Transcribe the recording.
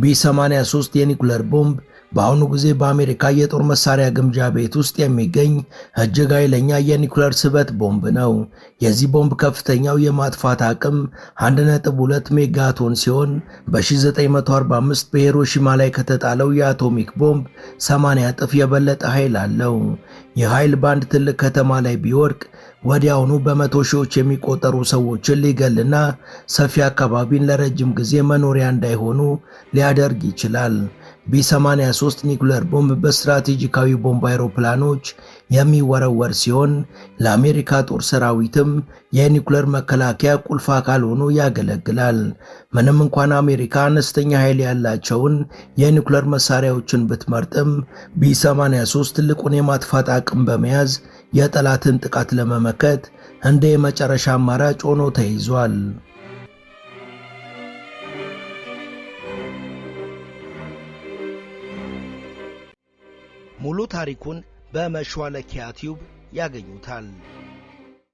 ቢ83 የኒኩለር ቦምብ በአሁኑ ጊዜ በአሜሪካ የጦር መሳሪያ ግምጃ ቤት ውስጥ የሚገኝ እጅግ ኃይለኛ የኒኩለር ስበት ቦምብ ነው። የዚህ ቦምብ ከፍተኛው የማጥፋት አቅም 1.2 ሜጋቶን ሲሆን በ1945 በሂሮሺማ ላይ ከተጣለው የአቶሚክ ቦምብ 80 እጥፍ የበለጠ ኃይል አለው። ይህ ኃይል በአንድ ትልቅ ከተማ ላይ ቢወድቅ ወዲያውኑ በመቶ ሺዎች የሚቆጠሩ ሰዎችን ሊገልና ሰፊ አካባቢን ለረጅም ጊዜ መኖሪያ እንዳይሆኑ ሊያደርግ ይችላል። ቢ83 ኒኩለር ቦምብ በስትራቴጂካዊ ቦምብ አይሮፕላኖች የሚወረወር ሲሆን ለአሜሪካ ጦር ሰራዊትም የኒኩለር መከላከያ ቁልፍ አካል ሆኖ ያገለግላል። ምንም እንኳን አሜሪካ አነስተኛ ኃይል ያላቸውን የኒኩለር መሳሪያዎችን ብትመርጥም ቢ83 ትልቁን የማጥፋት አቅም በመያዝ የጠላትን ጥቃት ለመመከት እንደ የመጨረሻ አማራጭ ሆኖ ተይዟል። ሙሉ ታሪኩን በመሿለኪያ ቲዩብ ያገኙታል።